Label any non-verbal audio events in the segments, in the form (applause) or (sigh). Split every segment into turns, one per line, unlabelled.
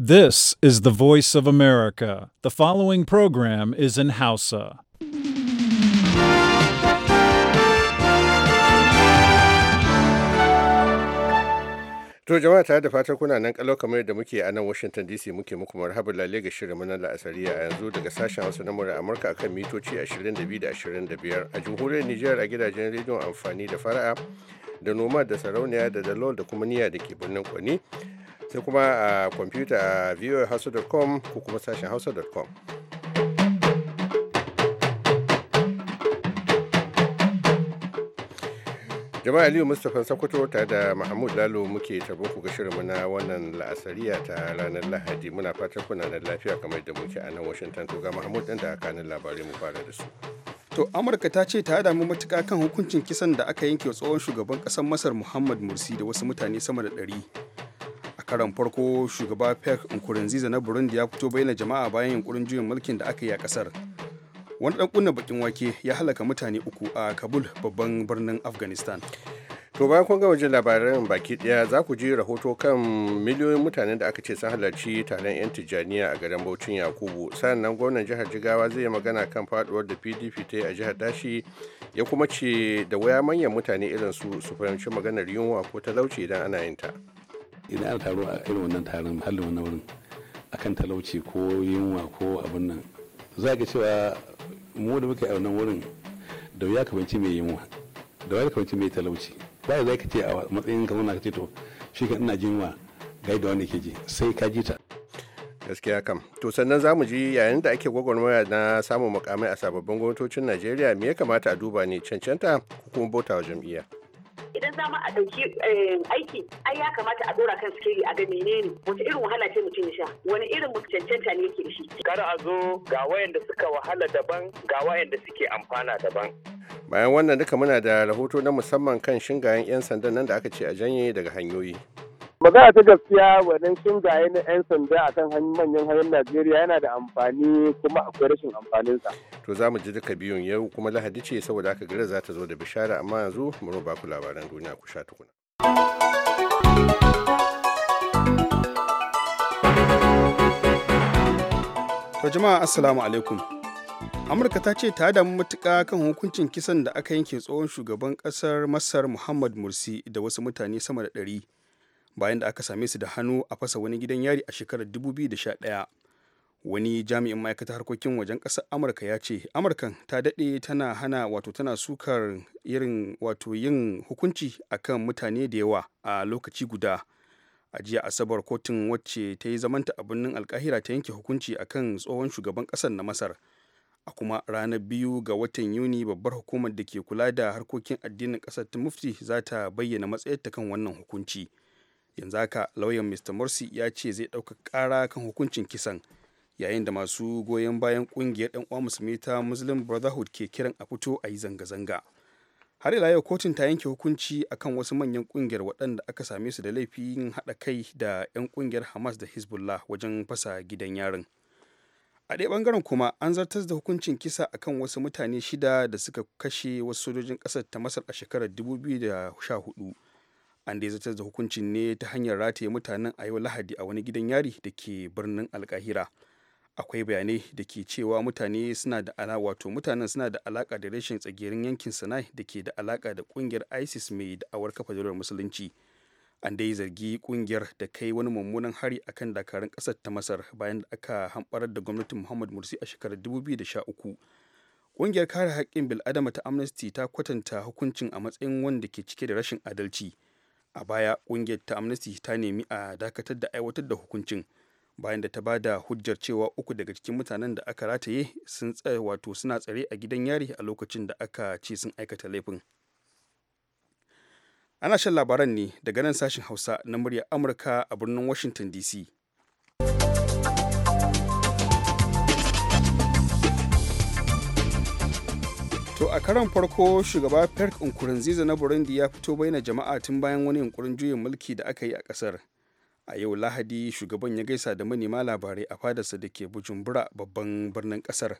This is the voice of America. The following program is in Hausa. To
jama'a tare da fatan kuna nan kalau kamar da muke a nan Washington DC muke muku marhaba lalle ga shirin na la'asari a yanzu daga sashen Hausa na murar Amurka akan mitoci 22 da 25 a jamhuriyar Nijar a gidajen rediyon amfani da fara'a da noma da sarauniya da dalol da kuma niyya da ke birnin Kwani sai kuma a kwamfuta a voahausa.com ko kuma sashen hausa.com jama'a aliyu mustapha sokoto tare da mahmud lalo muke tabo ku ga shirin na wannan la'asariya ta ranar lahadi muna fatan kuna da lafiya kamar da muke a nan washington to ga mahmud ɗin da kanin labarai mu fara da su to amurka
ta ce ta damu matuka kan hukuncin kisan da aka yanke tsohon shugaban ƙasar masar muhammad mursi da wasu mutane sama da ɗari karan farko shugaba pek nkurunziza na burundi ya fito bayyana jama'a bayan yunkurin juyin mulkin da aka yi a kasar wani dan kunna bakin wake ya halaka
mutane uku a kabul babban birnin afghanistan to bayan kun ga wajen labaran baki daya za ku ji rahoto kan miliyoyin mutanen da aka ce sun halarci taron yan tijjaniya a garin baucin yakubu sannan gwamnan jihar jigawa zai yi magana kan faduwar da pdp ta yi a jihar dashi ya kuma ce da waya manyan mutane irin su su fahimci maganar yunwa ko talauci idan ana yin ta
idan aka taro a irin wannan taron halin wannan wurin akan talauci ko yunwa ko abin nan za ka cewa mu da muke a wannan wurin da ya ka mai yunwa da ya ka mai talauci ba za ka ce a matsayin ka zauna ce to shi ka ina jinwa ga da wani ke ji sai ka ji ta gaskiya kam
to sannan zamu ji yayin da ake gwagwarmaya na samun mukamai a sababbin gwamnatocin najeriya me ya kamata a duba ne cancanta ko kuma bauta wa jam'iyya
idan za a ɗauki eh, aiki ai ya kamata a dora kan sikeli a ga menene wata irin wahala ce mutum ya sha wani irin cancanta ne yake shi kar a zo ga wayanda suka wahala daban ga wayanda suke amfana daban
bayan wannan duka muna da rahoto na musamman kan shingayen 'yan sandan nan da aka ce a janye daga hanyoyi
magana ta gaskiya wannan gaye na 'yan sanda akan manyan hanyar najeriya yana da amfani kuma akwai rashin amfaninsa
to za mu ji duka biyun yau kuma lahadi ce saboda aka gare za ta zo da bishara amma yanzu mu ba ku labaran duniya ku sha tukuna
to jama'a assalamu alaikum amurka ta ce ta damu matuka kan hukuncin kisan da aka yanke tsohon shugaban kasar masar muhammad mursi da wasu mutane sama da ɗari bayan da aka same su da hannu a fasa wani gidan yari a shekarar 2011 wani jami'in ma'aikatar harkokin wajen ƙasar amurka ya ce amurkan ta daɗe tana hana wato tana sukar irin wato yin hukunci akan mutane da yawa a lokaci guda a jiya asabar kotun wacce ta yi zamanta a birnin alkahira ta yanke hukunci akan tsohon shugaban kasar na masar a kuma ranar biyu ga watan yuni babbar hukumar da ke kula da harkokin addinin kasar ta mufti za ta bayyana matsayarta kan wannan hukunci. yanzu haka lauyan mr morsi ya ce zai ɗauka kara kan hukuncin kisan yayin da masu goyon bayan ƙungiyar 'yan uwa musulmi ta muslim brotherhood ke kiran a fito a yi zanga-zanga har ila yau kotun ta yanke hukunci akan wasu manyan ƙungiyar waɗanda aka same su da laifin haɗa kai da 'yan ƙungiyar hamas da hezbollah wajen fasa gidan yarin a ɗaya ɓangaren kuma an zartas da hukuncin kisa akan wasu mutane shida da suka kashe wasu sojojin ƙasar ta masar a shekarar 2014 an dai zartar da hukuncin ne ta hanyar rataye mutanen a yau lahadi a wani gidan yari da ke birnin alkahira akwai bayanai da ke cewa mutane suna da ala wato mutanen suna da alaka da rashin tsagerin yankin sanai da ke da alaka da kungiyar isis mai da'awar kafa jirar musulunci an dai zargi kungiyar da kai wani mummunan hari akan dakarun kasar ta masar bayan da aka hamɓarar da gwamnatin muhammad mursi a shekarar 2013 kungiyar kare haƙƙin bil'adama ta amnesty ta kwatanta hukuncin a matsayin wanda ke cike da rashin adalci a baya ƙungiyar ta amnesty ta nemi a dakatar da aiwatar da hukuncin bayan da ta ba da hujjar cewa uku daga cikin mutanen da aka rataye sun wato suna tsare a gidan yari a lokacin da aka ce sun aikata laifin ana shan labaran ne daga nan sashen hausa na murya amurka a birnin washington dc To a karan farko shugaba Perk Nkurunziza na Burundi ya fito bayyana jama'a tun bayan wani yunkurin juyin mulki da aka yi a ƙasar. A yau Lahadi shugaban ya gaisa da manema labarai a fadarsa da ke Bujumbura babban birnin ƙasar.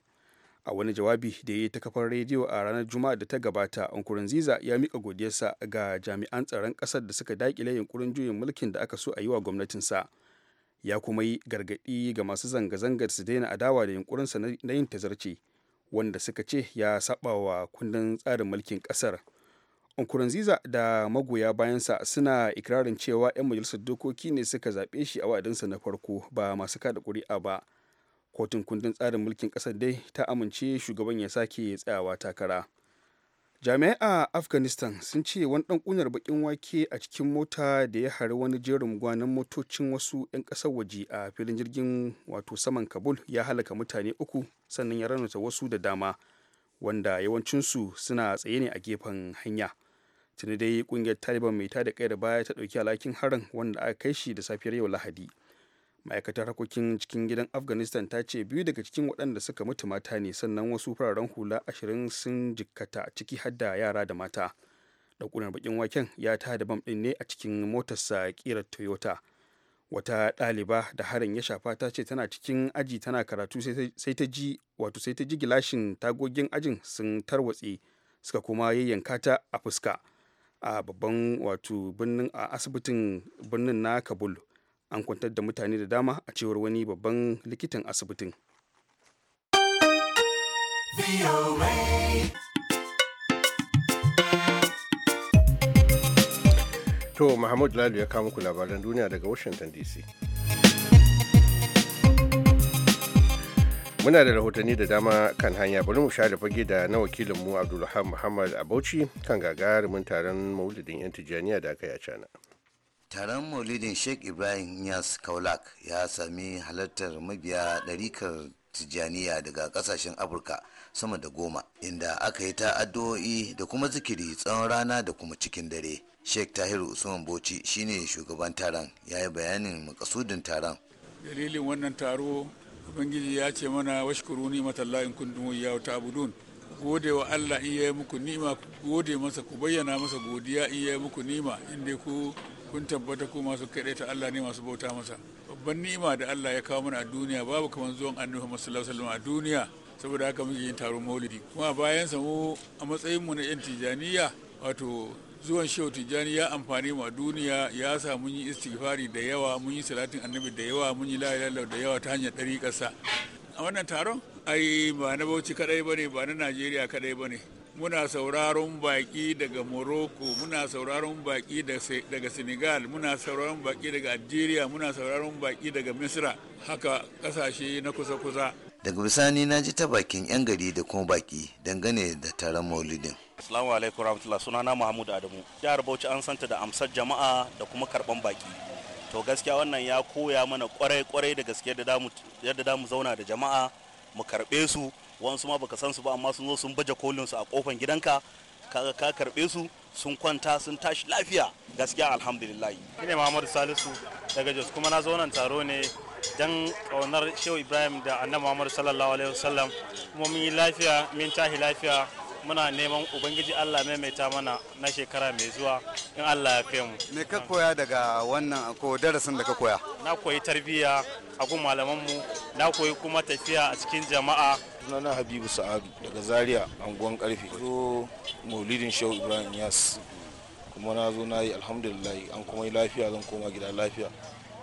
A wani jawabi da ya yi ta kafar rediyo a ranar Juma'a da ta gabata, Nkurunziza ya mika godiyarsa ga jami'an tsaron ƙasar da suka daƙile yunkurin juyin mulkin da aka so a yi wa gwamnatinsa. Ya kuma yi gargaɗi ga masu zanga-zangar su daina adawa da yunkurinsa na yin tazarci. wanda suka ce ya saba wa kundin tsarin mulkin kasar nkurunziza da magoya bayansa suna ikirarin cewa 'yan majalisar dokoki ne suka zaɓe shi a wa'adinsa na farko ba masu kada ƙuri'a ba kotun kundin tsarin mulkin ƙasar dai ta amince shugaban ya sake tsayawa takara jami'ai a afghanistan sun ce wani dan kunar bakin wake a cikin mota da ya hari wani jerin gwanon motocin wasu 'yan kasar waje a filin jirgin wato saman kabul ya halaka mutane uku sannan ya ranata wasu da dama wanda yawancinsu suna tsaye ne a gefen hanya tuni dai kungiyar taliban mai tada kai da baya ta dauki alhakin harin wanda aka kai shi da safiyar yau lahadi ma'aikatar harkokin cikin gidan afghanistan ta ce biyu daga cikin waɗanda suka mutu mata ne sannan wasu fararen hula ashirin sun jikkata ciki hadda yara da mata ɗaukunar bakin waken ya ta da bam ɗin ne a cikin motarsa ƙirar toyota wata ɗaliba da harin ya shafa ta ce tana cikin aji tana karatu sai ta ji wato sai ta ji gilashin tagogin ajin sun tarwatse suka kuma yayyanka ta a fuska a babban wato birnin a asibitin birnin na kabul an kwantar da mutane da dama a cewar wani babban likitan
asibitin to mahmud lalu ya kawo ku labaran duniya daga washington dc muna da rahotanni da dama kan hanya bari mu share fage da na wakilinmu abdulhamid muhammad a bauchi kan gagarumin taron maulidin yan tijjaniya da aka yi a cana
taron maulidin sheikh ibrahim yas kaulak ya sami halartar mabiya ɗarikar tijjaniya daga ƙasashen afirka sama da goma inda aka yi ta da kuma zikiri tsawon rana da kuma cikin dare sheikh tahiru usman bauchi shine shugaban taron ya yi bayanin makasudin taron
dalilin wannan taro ubangiji ya ce mana washkuru ni matalla in kuntum iyyahu ta'budun gode wa Allah in yayi muku ni'ima gode masa ku bayyana masa godiya in yayi muku ni'ima in ku kun tabbata ku masu kaɗai ta Allah ne masu bauta masa babban ni'ima da Allah ya kawo mana a duniya babu kamar zuwan annabi Muhammad sallallahu alaihi wasallam a duniya saboda haka muke yin taron maulidi kuma bayan sa mu a matsayin mu na yan tijaniya wato zuwan shehu tijjani ya amfani a duniya ya sa mun yi istighfari da yawa mun yi salatin annabi da yawa mun yi la ilaha da yawa ta hanyar ƙasa. a wannan taron ai ba na bauchi kadai bane ba na najeriya kadai bane muna sauraron baki daga morocco muna sauraron baki daga senegal muna sauraron baki daga algeria muna sauraron baki daga misra haka kasashe na kusa-kusa
daga bisani na ji ta bakin 'yan gari da kuma baki dangane da taron maulidin
asalamu alaikum rahmatullah na Muhammadu Adamu. Jihar Bauchi an santa da amsar jama'a da kuma
karban baki. To gaskiya wannan ya koya mana kwarai kwarai da gaske yadda za mu
zauna da jama'a mu karbe su wasu ma baka san su ba amma sun zo sun baje kolin su a kofan gidanka kaga ka karbe su sun kwanta sun tashi lafiya gaskiya alhamdulillah
ne Muhammadu Salisu daga Jos kuma na zo nan taro ne dan kaunar Shehu Ibrahim da Annabi Muhammadu sallallahu alaihi wasallam kuma mun yi lafiya mun tashi lafiya muna neman ubangiji Allah maimaita mana na shekara mai zuwa in Allah ya kai mu
me ka koya daga wannan ko darasin da ka koya
na koyi tarbiyya a gun malaman mu na koyi kuma tafiya a cikin jama'a sunana habibu sa'adu daga zaria anguwan karfe zo maulidin shehu ibrahim yas kuma na zo na yi alhamdulillah an kuma yi lafiya zan koma gida lafiya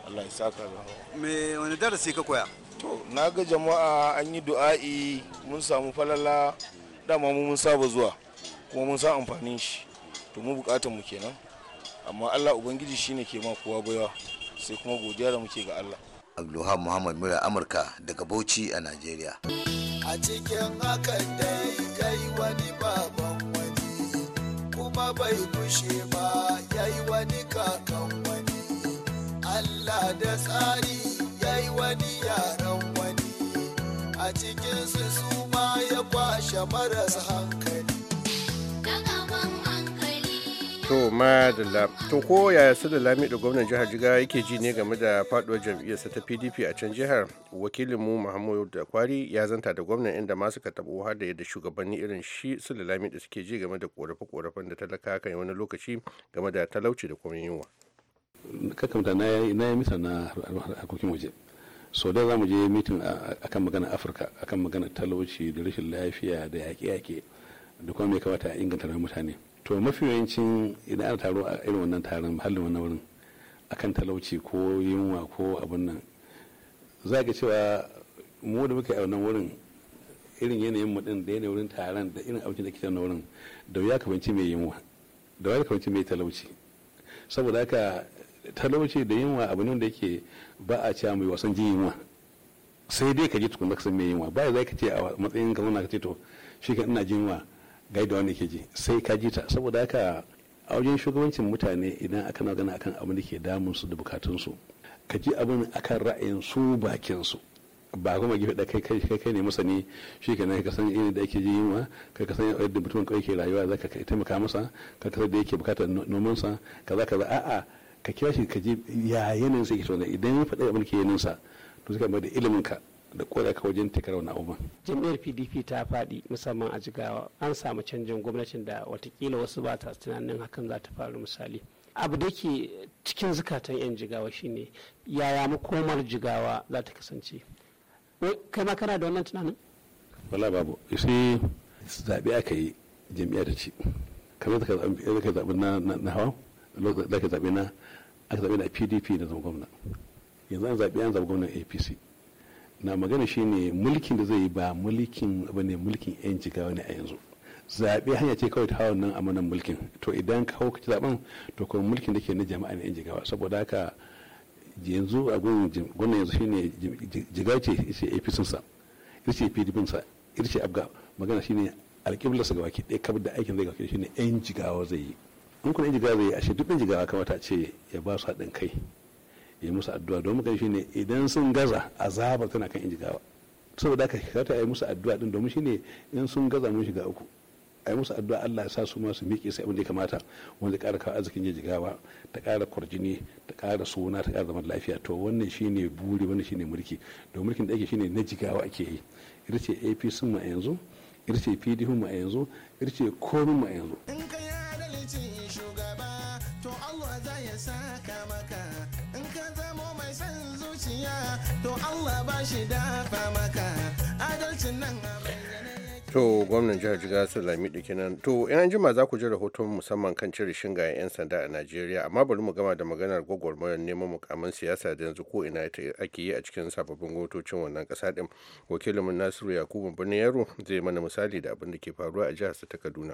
allah ya saka da me wani darasi ka koya to na ga jama'a an yi du'a'i mun samu falala dama mu mun saba zuwa kuma mun san amfanin shi to mu bukatar mu kenan amma allah ubangiji shine ke ma kowa baiwa sai kuma godiya da muke ga allah
abdulhamid muhammad mura amurka daga bauchi a nigeria
a cikin hakan dai kai wani baban wani kuma bai kushe ba yayi wani kakan wani Allah da tsari yayi wani yaran wani a cikin su ma ya kwashe maras hankali
To la to ko yaya su da lamido gwamnan jihar jiga yake ji ne game da faduwar sa ta PDP a can jihar wakilinmu Muhammadu da kwari ya zanta da gwamnan inda ma suka tabo har da yadda shugabanni irin shi su da lamido suke ji game da korafe-korafen da talaka kan wani lokaci game da talauci da kuma yunwa.
Kakamta na yi misa na harkokin waje. so da za mu je mitin akan magana afirka akan magana talauci da rashin lafiya da yaƙe-yaƙe da kuma mai kamata a inganta mutane to mafi yawancin idan ana taro a irin wannan taron halin wannan wurin akan talauci ko yunwa ko abin nan za ka cewa mu da yi a wannan wurin irin yanayin mu din da yanayin wurin taron da irin abincin da ke na wurin da wuya ka banci mai yunwa da ya ka banci mai talauci saboda haka talauci da yunwa abu ne da yake ba a cewa mai wasan jin yunwa sai dai ka ji tukun da ka san mai yunwa ba za ka ce a matsayin ka zauna ka ce to shi ka ina jin yunwa gaida wanda ke ji sai ka ji ta saboda haka a wajen shugabancin mutane idan aka magana akan abin da ke damun su da bukatun su ka ji abin akan ra'ayin su bakin su ba kuma gifi da kai kai kai ne masani shi ka ka san irin da ake ji yunwa ka ka san yadda mutum kai ke rayuwa za ka taimaka masa ka ka san da yake bukatar noman sa kaza kaza a'a ka kira shi ka ji ya yanayin sai yake tona idan ya faɗa abin ke yanin sa to sai ka mai da ilimin ka da koda ka wajen takarar wani abubuwan.
jam'iyyar pdp ta faɗi musamman a jigawa an samu canjin gwamnatin da watakila wasu ba ta tunanin hakan za ta faru misali abu da ke cikin zukatan 'yan jigawa shine yaya makomar jigawa za ta kasance kai ma kana da wannan tunanin
wala babu sai zaɓe aka yi jam'iyya ta ci kamar da ka zaɓi na hawa da ka zaɓe na aka zaɓe na pdp na zama gwamna yanzu an zaɓe an zaɓi gwamnan apc na magana shine mulkin da zai yi ba mulkin bane mulkin yan jigawa ne a yanzu zaɓe hanya ce kawai ta hawan nan manan mulkin to idan ka hau kaci zaɓen to kuma mulkin da ke na jama'a ne yan jigawa saboda haka yanzu a gwamnan yanzu shine jigawa ce ita ce apc sa ita ce pdp sa ita ce abga magana shine alƙiblarsa ga baki ɗaya kabar da aikin zai ga shine yan jigawa zai yi in kuna yan jigawa zai yi a duk yan jigawa kamata a ce ya ba su haɗin kai yi musu addu'a domin kai shine idan sun gaza azabar tana kan injigawa saboda haka a yi musu addu'a din domin shine in sun gaza mun shiga uku a yi musu addu'a Allah ya sa su masu su miƙe sai abin da ya kamata wanda ƙara kawo arzikin jigawa ta ƙara kwarjini ta ƙara suna ta ƙara zaman lafiya to wannan shine buri wannan shine mulki domin mulkin da ake shine na jigawa ake yi irce APC mu a yanzu irce PDP mu a yanzu irce komin ma a yanzu
Allah ba shi dafa
adalcin nan
To gwamnan jihar Jigawa da kenan to in jima za ku ji rahoton musamman kan cire shingayen 'yan sanda a Najeriya amma bari mu gama da maganar gwagwarmayar neman mukamin siyasa da yanzu ko ina ake yi a cikin sababbin gwamnatocin wannan kasa din wakilin Nasiru Yakubu Birnin Yaro zai mana misali da abin da ke faruwa a jihar ta Kaduna.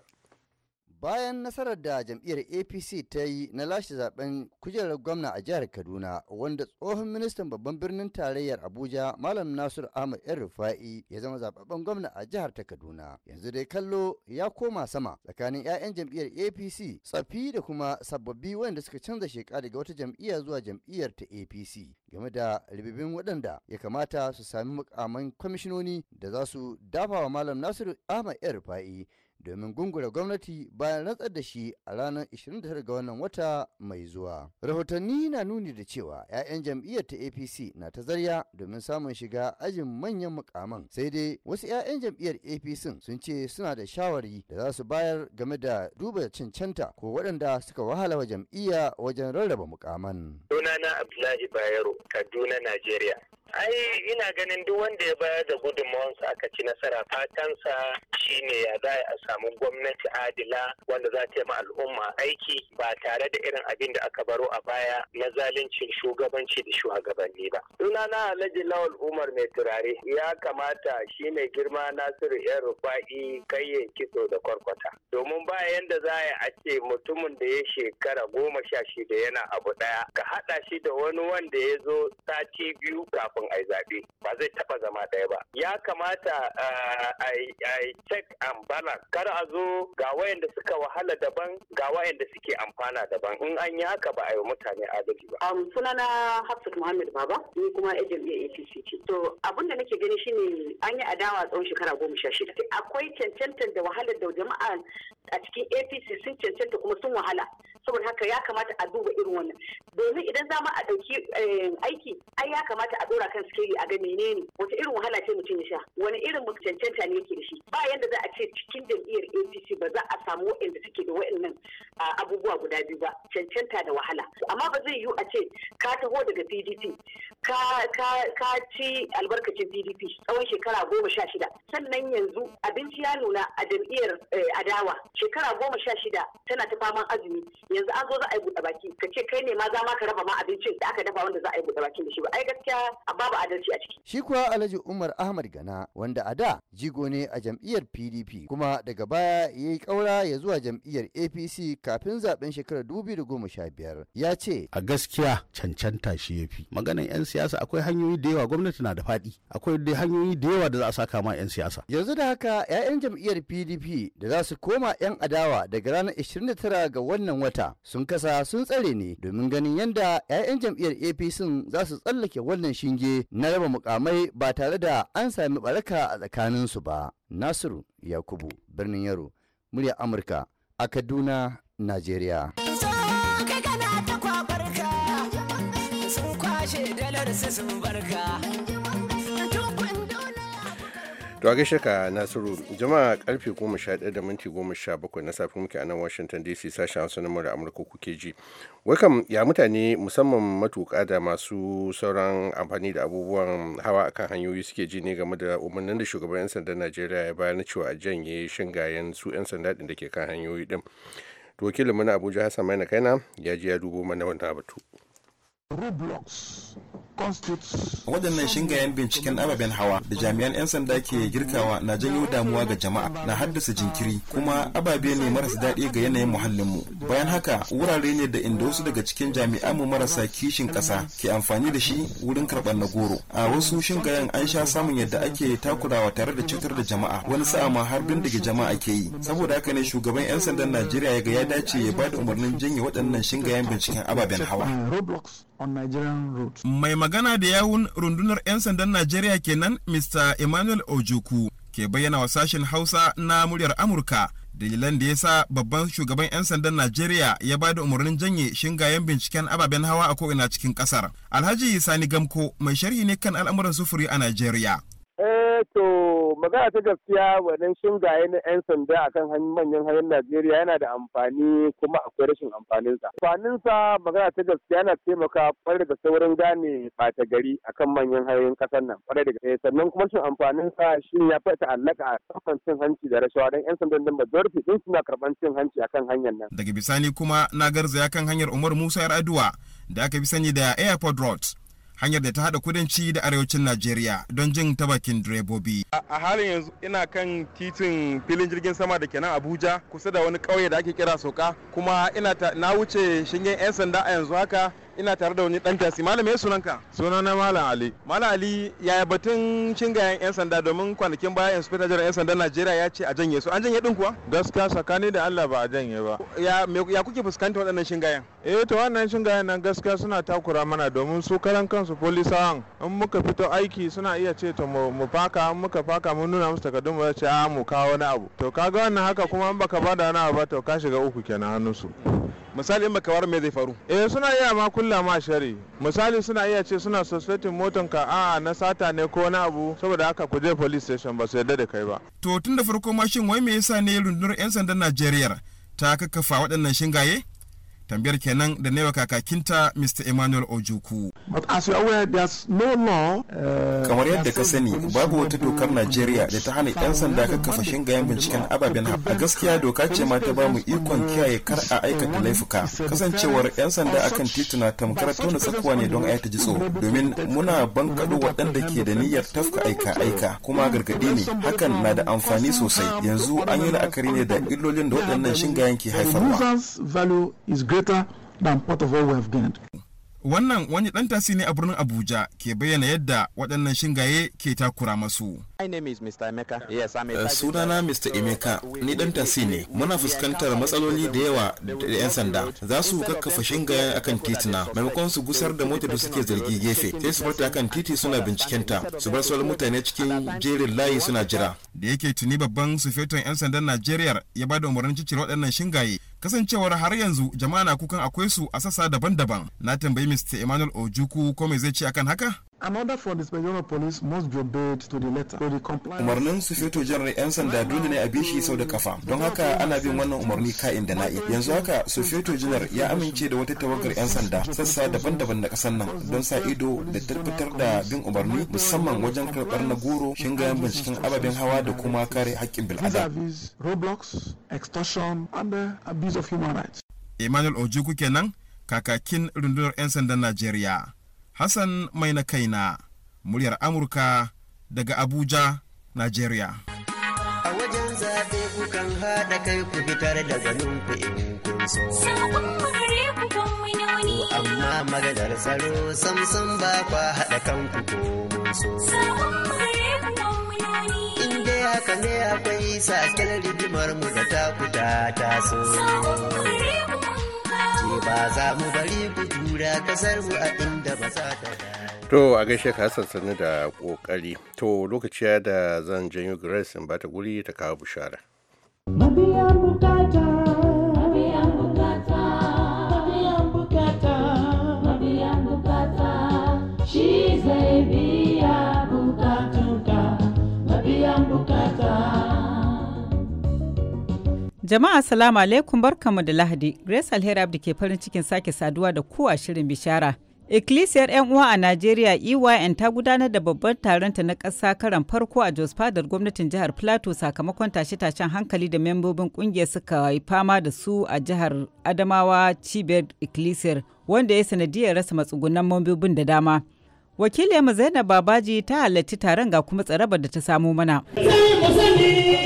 bayan nasarar da jam'iyyar apc ta yi na lashe zaben kujerar gwamna a jihar kaduna wanda tsohon ministan babban birnin tarayyar abuja malam nasir ahmad yan rufa'i ya zama zababben gwamna a jihar ta kaduna yanzu dai kallo ya koma sama tsakanin 'ya'yan jam'iyyar apc tsafi da kuma sababbi wanda suka canza sheka daga wata jam'iyya zuwa jam'iyyar ta apc game da ribibin waɗanda ya kamata su sami mukaman kwamishinoni da za su dafa wa malam nasiru ahmad yan rufa'i domin gungura gwamnati bayan rantsar da shi a ranar 29 ga wannan wata mai zuwa. Rahotanni na nuni da cewa 'ya'yan jam'iyyar ta APC na ta zarya domin samun shiga ajin manyan mukaman sai dai wasu 'ya'yan jam'iyyar APC sun ce suna da shawari da za su bayar game da duba cancanta ko waɗanda suka wahala wa jam'iyya wajen rarraba mukaman.
Sunana Abdullahi Bayero, Kaduna, Najeriya. ai ina ganin duk wanda ya bayar da gudunmawansa aka ci nasara fatansa shine ya za a samu gwamnati adila wanda za ta yi al'umma aiki ba tare da irin abin da aka baro a baya na zaluncin shugabanci da shugabanni ba suna na alhaji lawal umar mai turare ya kamata shi mai girma nasiru yan rufa'i ya kitso da kwarkwata domin ba yanda za a ce mutumin da ya shekara goma sha shida yana abu ɗaya, ka haɗa shi da wani wanda ya zo sati biyu kafin kafin a yi zaɓe ba zai taɓa zama ɗaya ba ya kamata ah, a yi check and balance kar a zo ga wayanda suka wahala daban ga wayanda suke amfana daban in an yi haka ba a yi mutane adalci ba. sunana Hafsat Muhammad Baba ni kuma a jam'iyyar ce. To abin da nake gani shine an yi adawa tsawon shekara goma sha shida. Akwai cancantar da wahalar da jama'a a cikin apc sun cancanta kuma sun wahala saboda haka ya kamata a duba irin wannan domin idan za a ɗauki eh, aiki ai ya kamata a ɗora kan sikeli a ga menene wata irin wahala ce mutum ya sha wani irin cancanta ne yake da shi ba yanda za a ce cikin jam'iyyar apc ba za a samu waɗanda suke da waɗannan abubuwa guda biyu ba cancanta da wahala amma ba zai yiwu a ce ka taho daga pdp ka ci albarkacin pdp tsawon shekara goma sha shida sannan yanzu abinci ya nuna a jam'iyyar eh, adawa shekara goma sha shida tana ta faman azumi yanzu an zo za a yi buɗe baki ka ce kai ne ma za ma ka raba ma abincin da aka dafa wanda za a yi buɗe baki da shi ba ai gaskiya babu adalci a ciki.
Shi kuwa Alhaji Umar Ahmad Gana wanda a da jigo ne a jam'iyyar PDP kuma daga baya ya yi ƙaura ya zuwa jam'iyyar APC kafin zaben shekarar biyar ya ce. A gaskiya cancanta shi ya fi. Maganan 'yan siyasa akwai hanyoyi da yawa gwamnati na da faɗi akwai hanyoyi da yawa da za a saka ma 'yan siyasa. Yanzu da haka 'ya'yan jam'iyyar PDP da za su koma 'yan adawa daga ranar 29 ga wannan wata sun kasa sun tsare ne domin ganin yadda 'ya'yan jam'iyyar apc za su tsallake wannan shinge na raba mukamai ba tare da an sami baraka a tsakanin su ba nasiru yakubu birnin yaro murya amurka a kaduna najeriya
sun kwashe dalar su barka
To a gaishe ka Nasiru jama'a karfe 11 da minti 17 na safin muke a nan Washington DC sashen Hausa na mura Amurka kuke ji. Welcome ya mutane musamman matuƙa da masu sauran amfani da abubuwan hawa akan hanyoyi suke ji ne game da umarnin da shugaban 'yan sandan Najeriya ya bayar na cewa a janye shingayen su 'yan sanda din da ke kan hanyoyi din. To wakilin mu Abuja Hassan Maina Kaina ya ji ya dubo mana wannan batu.
Roblox waɗannan shingayen binciken ababen hawa da jami'an 'yan sanda ke girkawa na janyo damuwa ga jama'a na haddasa jinkiri kuma ababe ne marasa daɗi ga yanayin muhallinmu bayan haka wurare ne da inda wasu daga cikin jami'an mu marasa kishin ƙasa ke amfani da shi wurin karɓar na goro a wasu shingayen an sha samun yadda ake takurawa tare da cutar da jama'a wani sa'a ma har bindiga jama'a ke yi saboda haka ne shugaban 'yan sandan najeriya ya ga ya dace ya ba da umarnin janye waɗannan shingayen binciken ababen hawa Mai magana da yawun rundunar 'yan sandan Najeriya kenan Mr. Emmanuel Ojukwu ke bayyana wa sashen Hausa na muryar Amurka dalilan da ya sa babban shugaban 'yan sandan Najeriya ya ba da umarnin janye shingayen binciken ababen hawa a ko'ina cikin kasar. Alhaji Sani Gamko mai sharhi ne kan al'amuran sufuri a Najeriya.
Eh, magana ta gaskiya wannan gaye na 'yan sanda kan manyan hanyar Najeriya yana da amfani kuma akwai rashin amfaninsa. Amfaninsa magana ta gaskiya yana taimaka kwarai da saurin gane ɓata gari a kan manyan hanyoyin ƙasar nan kwarai da gaske. Eh, sannan kuma amfanin sa shi ya fi ta'allaka a kan cin hanci da rashawa don 'yan sandan da majority din suna karɓar cin hanci a kan hanyar nan.
Daga bisani kuma na garzaya kan hanyar Umar Musa Yar'adua da aka fi sani da Airport Road. hanyar da ta hada kudanci da arewacin Najeriya don jin ta bakin direbobi. A halin yanzu ina kan titin filin jirgin sama da kenan Abuja kusa da wani ƙauye da ake kira Soka kuma ina na wuce shingen 'yan sanda a yanzu haka ina tare da wani dan tasi malam ya sunanka sunana malam ali malam ali yaya batun cingayen yan sanda domin kwanakin baya inspector general yan sanda najeriya ya ce a janye su an janye din kuwa gaskiya sakani da allah ba a janye ba ya ya kuke fuskanta waɗannan shingayen eh to wannan shingayen nan gaskiya suna takura mana domin su karan kansu polisawan in muka fito aiki suna iya ce to mu faka in muka faka mun nuna musu takardun mu ce a ah, mu kawo wani abu to kaga wannan haka kuma in baka bada wani abu ba to ka shiga uku kenan hannun su misali in baka me zai faru eh suna iya ma kulla ma shari misali suna iya ce suna suspecting motan ka a ah, na sata ne ko na abu saboda haka ku je police station ba su yarda da kai ba to tun da farko ma wai me yasa ne rundunar yan sandan Najeriya ta kakkafa waɗannan shingaye tambayar kenan da naiwa kakakinta Mr. Emmanuel Ojuku. Uh, Kamar yadda ka sani babu wata dokar Najeriya da ta hana 'yan sanda ka kafa shingayen binciken ababen a gaskiya doka ce ma ta bamu ikon kiyaye kar a aikata laifuka kasancewar 'yan sanda akan tituna tamkar tona tsakuwa ne don ayata jitso domin muna bankaɗo waɗanda ke da niyyar tafka aika aika kuma gargaɗi ne hakan na da amfani sosai yanzu an yi la'akari ne da illolin da waɗannan shingayen ke haifarwa. greater than part of what we have gained. Wannan wani ɗan tasiri ne a birnin Abuja ke bayyana yadda waɗannan shingaye ke takura masu. Uh, uh, sunana Mr. Emeka, ni dan tasi ne. Muna fuskantar matsaloli da yawa da 'yan sanda. Za su kakkafa shingayen akan titina, maimakon su gusar da motar da suke zargi gefe. Sai su barta akan titi suna bincikenta, su bar sauran mutane cikin jerin layi suna jira. Da yake tuni babban sufetan 'yan sandan Najeriya ya ba da umarnin cicir waɗannan shingaye. Kasancewar har yanzu jama'a na kukan akwai su a sassa daban-daban. Na tambayi Mr. Emmanuel Ojuku ko mai zai ce akan haka? Another for the Special Police must be obeyed to the letter. To Umarnin 'yan sanda dole ne a bi shi sau da kafa. Don haka ana bin wannan umarni ka'in da na'i. Yanzu haka fito General ya amince da wata tawagar 'yan sanda sassa daban-daban na kasar nan don sa ido da tabbatar da bin umarni musamman wajen karɓar na goro shingayen binciken ababen hawa da kuma kare haƙƙin bil'ada. Emmanuel Ojukwu kenan kakakin rundunar 'yan sandan Najeriya. Hassan mai na kaina, muryar Amurka daga Abuja, Najeriya.
A wajen zaɓe kukan haɗa kai ku fitar da zanen ku in kun so. Amma maganar tsaro samsam ba kwa haɗa kanku ko mun so. In dai haka ne akwai sakel rigimar mu da taku ta taso. Sabon ba za mu bari ku tura kasar mu a inda ba za ta
To a gaishe ka Hassan sannu da kokari. To lokaci da zan janyo Grace in ba ta guri ta kawo bishara.
Mabiya bukata
Jama'a salamu alaikum barkamu da Lahadi. Grace Alheri Abdi ke farin cikin sake saduwa da ku a shirin bishara. ikilisiyar 'yan uwa a Najeriya EYN ta gudanar da babban taronta na ƙasa karan farko a Jos Fadar gwamnatin jihar Plateau sakamakon tashe-tashen hankali da membobin kungiyar suka yi fama da su a jihar Adamawa cibiyar ikilisiyar wanda ya sanadiyar rasa matsugunan membobin da dama. Wakiliyarmu Zainab Babaji ta halarci taron ga kuma tsarabar da ta samo mana. Sai
mu sani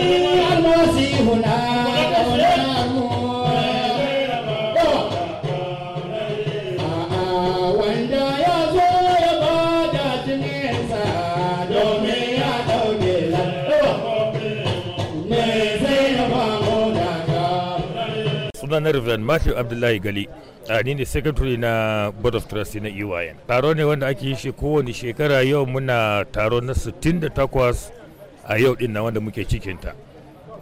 sunana Reverend Matthew Abdullahi Gali a ah, ni ne secretary na Board of Trustee na EYN. Taro ne wanda ake yi shi kowane shekara yau muna taro na 68 a yau din na wanda muke cikinta.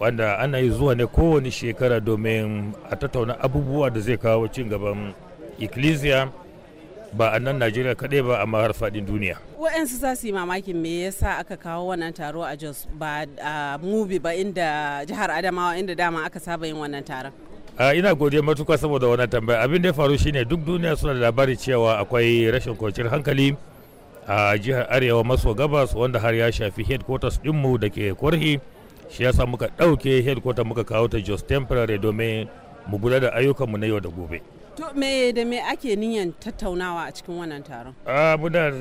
wanda ana yi zuwa ne kowane shekara domin a tattauna abubuwa da zai kawo cin gaban ikkilisiya ba a nan najeriya kaɗai ba amma har faɗin duniya
wa'yansu za su yi mamakin me yasa aka kawo wannan taro a jos ba a mubi ba inda jihar adamawa inda dama aka saba yin wannan taron
a ina godiya matuƙa saboda wannan tambaya abin da ya faru shine duk duniya suna da labari cewa akwai rashin kwanciyar hankali a jihar arewa maso gabas wanda har ya shafi headquarters dinmu da ke korhi shi ya sa muka ɗauke headquarter muka kawo ta Jos temporary domin mu gudanar da ayyukanmu na yau da gobe.
To me da me ake niyan tattaunawa a cikin wannan taron?
A muna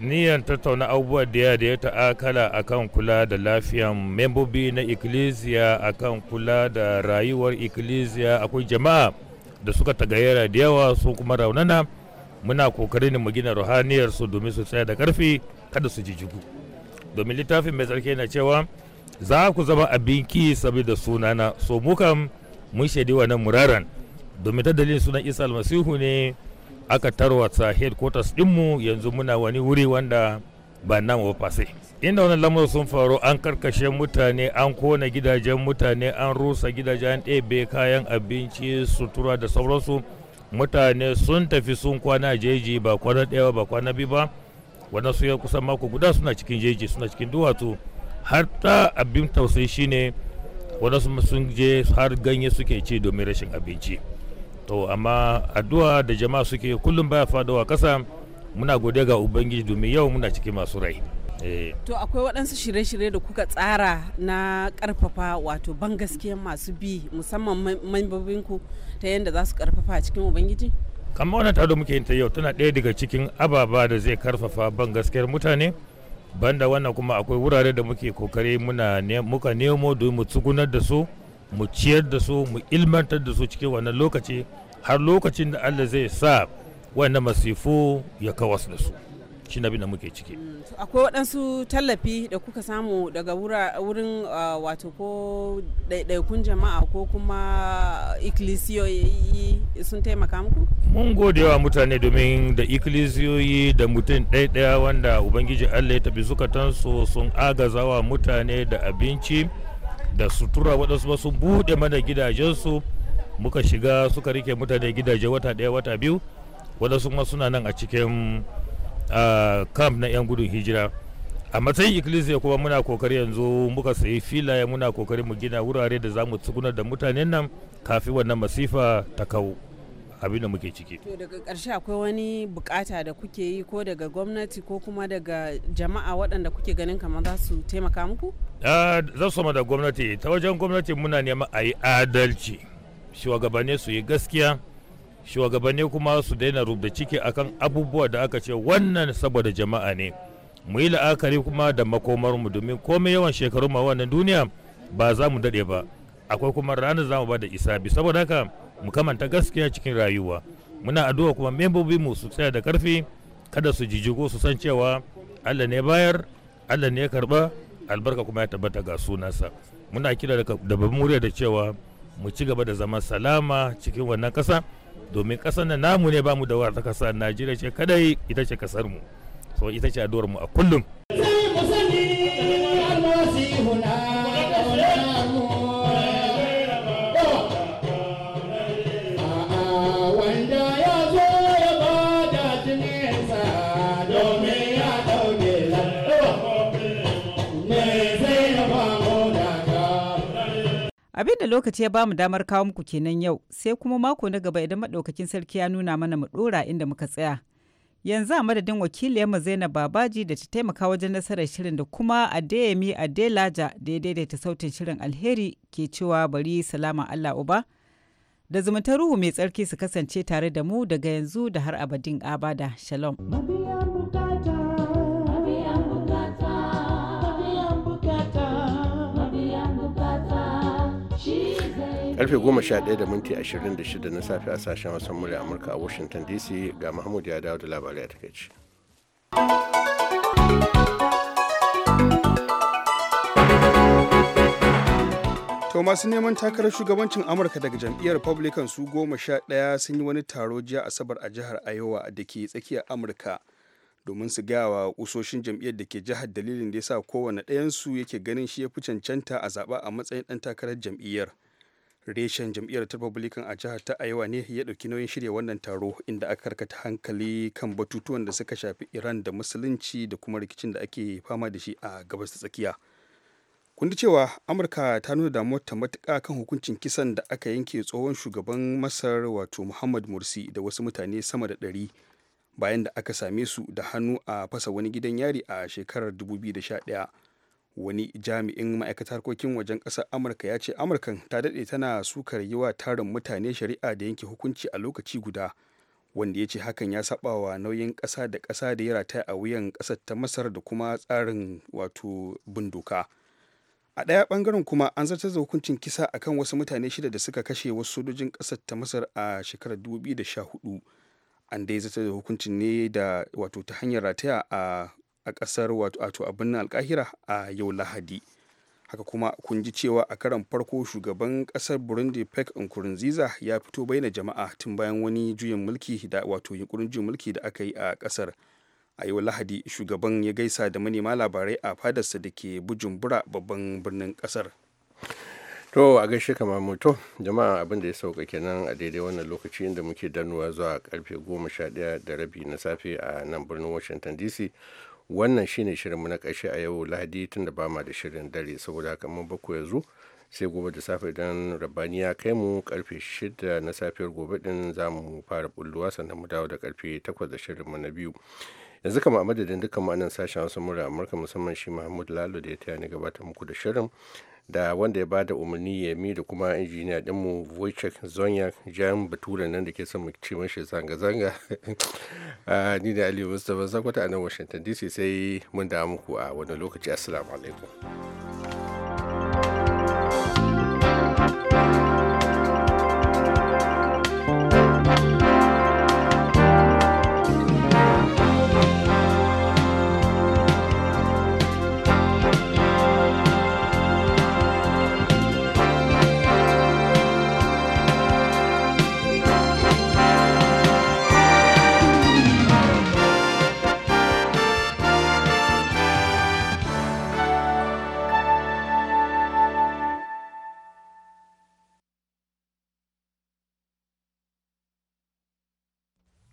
niyan tattauna abubuwa da ya da ya ta'akala akan kula da lafiyan membobi na ikkilisiya akan kula da rayuwar ikkilisiya akwai jama'a da suka tagayyara da yawa su kuma raunana muna kokarin mu gina ruhaniyar su domin su tsaya da karfi kada su jijigu domin littafin mai tsarki na cewa za ku zama abin ki saboda sunana so mu kam mun shaidi wannan muraran domin ta dalilin sunan isa almasihu ne aka tarwata headquarters dinmu yanzu muna wani wuri wanda ba nan fase inda wannan lamarin sun faru an karkashe mutane an kona gidajen mutane an rusa gidajen ɗebe kayan abinci sutura da sauransu mutane sun tafi sun kwana jeji ba kwana ɗaya ba kwana biyu ba wannan su ya kusan mako guda suna cikin jeji suna cikin duwatsu har ta abin tausayi shine waɗansu sun je har ganye suke ci domin rashin abinci to amma addu'a da jama'a suke kullum baya fadawa kasa muna gode ga ubangiji domin yau muna cikin masu rai eh.
to akwai waɗansu shirye-shirye da kuka tsara na ƙarfafa wato ban gaskiyan masu bi musamman membobinku ta yadda za su ƙarfafa cikin ubangiji
kamar wannan taro muke yin ta yau tana ɗaya daga cikin ababa da zai karfafa ban gaskiyar mutane banda wannan kuma akwai wurare da muke kokari muna muka nemo don mu tsugunar da su mu ciyar da su mu ilmantar da su cikin wannan lokaci har lokacin da Allah zai sa wannan masifu ya kawas da su shi na da muke ciki mm,
akwai waɗansu tallafi da kuka samu daga wurin uh, wato ko ɗaiɗaikun jama'a ko kuma ikilisiyoyi sun taimaka muku
mun gode wa mutane domin da ikilisiyoyi da mutum ɗaiɗaya wanda ubangiji allah ya tafi zukatansu sun agazawa mutane da abinci da sutura waɗansu masu buɗe mana gidajensu muka shiga suka rike mutane gidaje wata ɗaya wata biyu waɗansu kuma suna nan a cikin a camp na 'yan gudun hijira a matsayin ikkilisiya kuma muna kokari yanzu muka sayi filaye muna kokari mu gina wurare da za mu tsugunar da mutanen nan kafin wannan masifa ta kawo abin da muke ciki.
To daga ƙarshe akwai wani bukata da kuke yi ko daga gwamnati ko kuma daga jama'a waɗanda kuke ganin kamar za su taimaka muku?
Za su da gwamnati ta wajen gwamnati muna neman a yi adalci shugabanni su yi gaskiya shugabanni kuma su daina rubda ciki akan abubuwa da aka ce wannan saboda jama'a ne mu yi la'akari kuma da makomarmu domin komai yawan shekaru ma wannan duniya ba za mu daɗe ba akwai kuma ranar za mu ba da bi saboda haka mu kamanta gaskiya cikin rayuwa muna addu'a kuma membobi mu su tsaya da karfi kada su jijigo su san cewa Allah ne bayar Allah ne ya karba albarka kuma ya tabbata ga sunansa muna kira da babban murya da cewa mu ci gaba da zaman salama cikin wannan kasa domin ƙasar nan namu ne ba mu da wata ƙasa Najeriya ce kadai ita ce ƙasar mu so ita ce a mu a kullum
Abin da lokaci ya bamu damar kawo muku kenan yau sai kuma mako na gaba idan maɗaukakin sarki ya nuna mana mu ɗora inda muka tsaya. Yanzu a madadin wakili mu Zainab Babaji da ta taimaka wajen nasarar shirin da kuma Adeyemi Adelaja da ya daidaita sautin shirin alheri ke cewa bari salama Allah uba. Da zumunta ruhu mai tsarki su kasance tare da mu daga yanzu da har abadin abada. Shalom. karfe
11:26 na safe a sashen wasan murya amurka a washington dc ga mahmud ya dawo da labarai a takaici
to masu neman takarar shugabancin amurka daga jam'iyyar republican su goma sha ɗaya sun yi wani taro jiya asabar a jihar iowa da ke tsakiyar amurka domin su gawa kusoshin jam'iyyar da ke jihar dalilin da ya sa kowane ɗayansu yake ganin shi ya fi cancanta a zaɓa a matsayin ɗan takarar jam'iyyar reshen jam'iyyar ta republican a jihar ta aiwa ne ya ɗauki nauyin shirya wannan taro inda aka karkata hankali kan batutuwan da suka shafi iran da musulunci da kuma rikicin da ake fama da shi a gabas ta tsakiya kun cewa amurka ta nuna damuwar ta matuƙa kan hukuncin kisan da aka yanke tsohon shugaban masar wato muhammad morsi da wasu mutane sama da ɗari bayan da aka same su da hannu a fasa wani gidan yari a shekarar 2011 wani jami'in ma'aikatar harkokin wajen ƙasar amurka ya ce amurkan ta daɗe tana sukar yi wa tarin mutane shari'a da yanke hukunci a lokaci guda wanda ya ce hakan ya saba wa nauyin ƙasa da ƙasa da ya rataya a wuyan ƙasar ta masar da kuma tsarin wato bin doka a ɗaya ɓangaren kuma an zartar da hukuncin kisa akan wasu mutane shida da suka kashe wasu sojojin ƙasar ta masar a shekarar 2014 an dai zartar da hukuncin ne da wato ta hanyar rataya a a kasar wato a birnin alkahira a yau lahadi haka kuma kun ji cewa a karan farko shugaban kasar burundi pek nkurunziza ya fito bayyana jama'a tun bayan wani juyin mulki da wato yunkurin juyin mulki da aka yi a kasar a yau lahadi shugaban ya gaisa da manema labarai a fadarsa da ke
bujumbura babban birnin kasar to a gaishe kamar mutum jama'a abin da ya sauka kenan a daidai wannan lokaci inda muke danuwa zuwa karfe goma sha ɗaya da rabi na safe a nan birnin washington dc wannan shine shirin mu na kashe a yau lahadi tun da bama da shirin dare saboda haka mun bako yanzu sai gobe da safe idan rabani ya kai mu karfe shida na safiyar gobe din zamu fara bulluwa sannan mu dawo da karfe 8 da shirin mu na biyu yanzu kama a madadin dukkan ma'anan sashen wasu mura amurka musamman shi mahmud lalo da ya taya ni gabatar muku da shirin da wanda ya bada umarni ya mi da kuma injiniya din mu wojciech zonyak jan bature nan da ke son ci mashi zanga-zanga (laughs) ah, ni da aliyu mustafa zakwata a nan washington dc sai mun damu ku a wani lokaci assalamu alaikum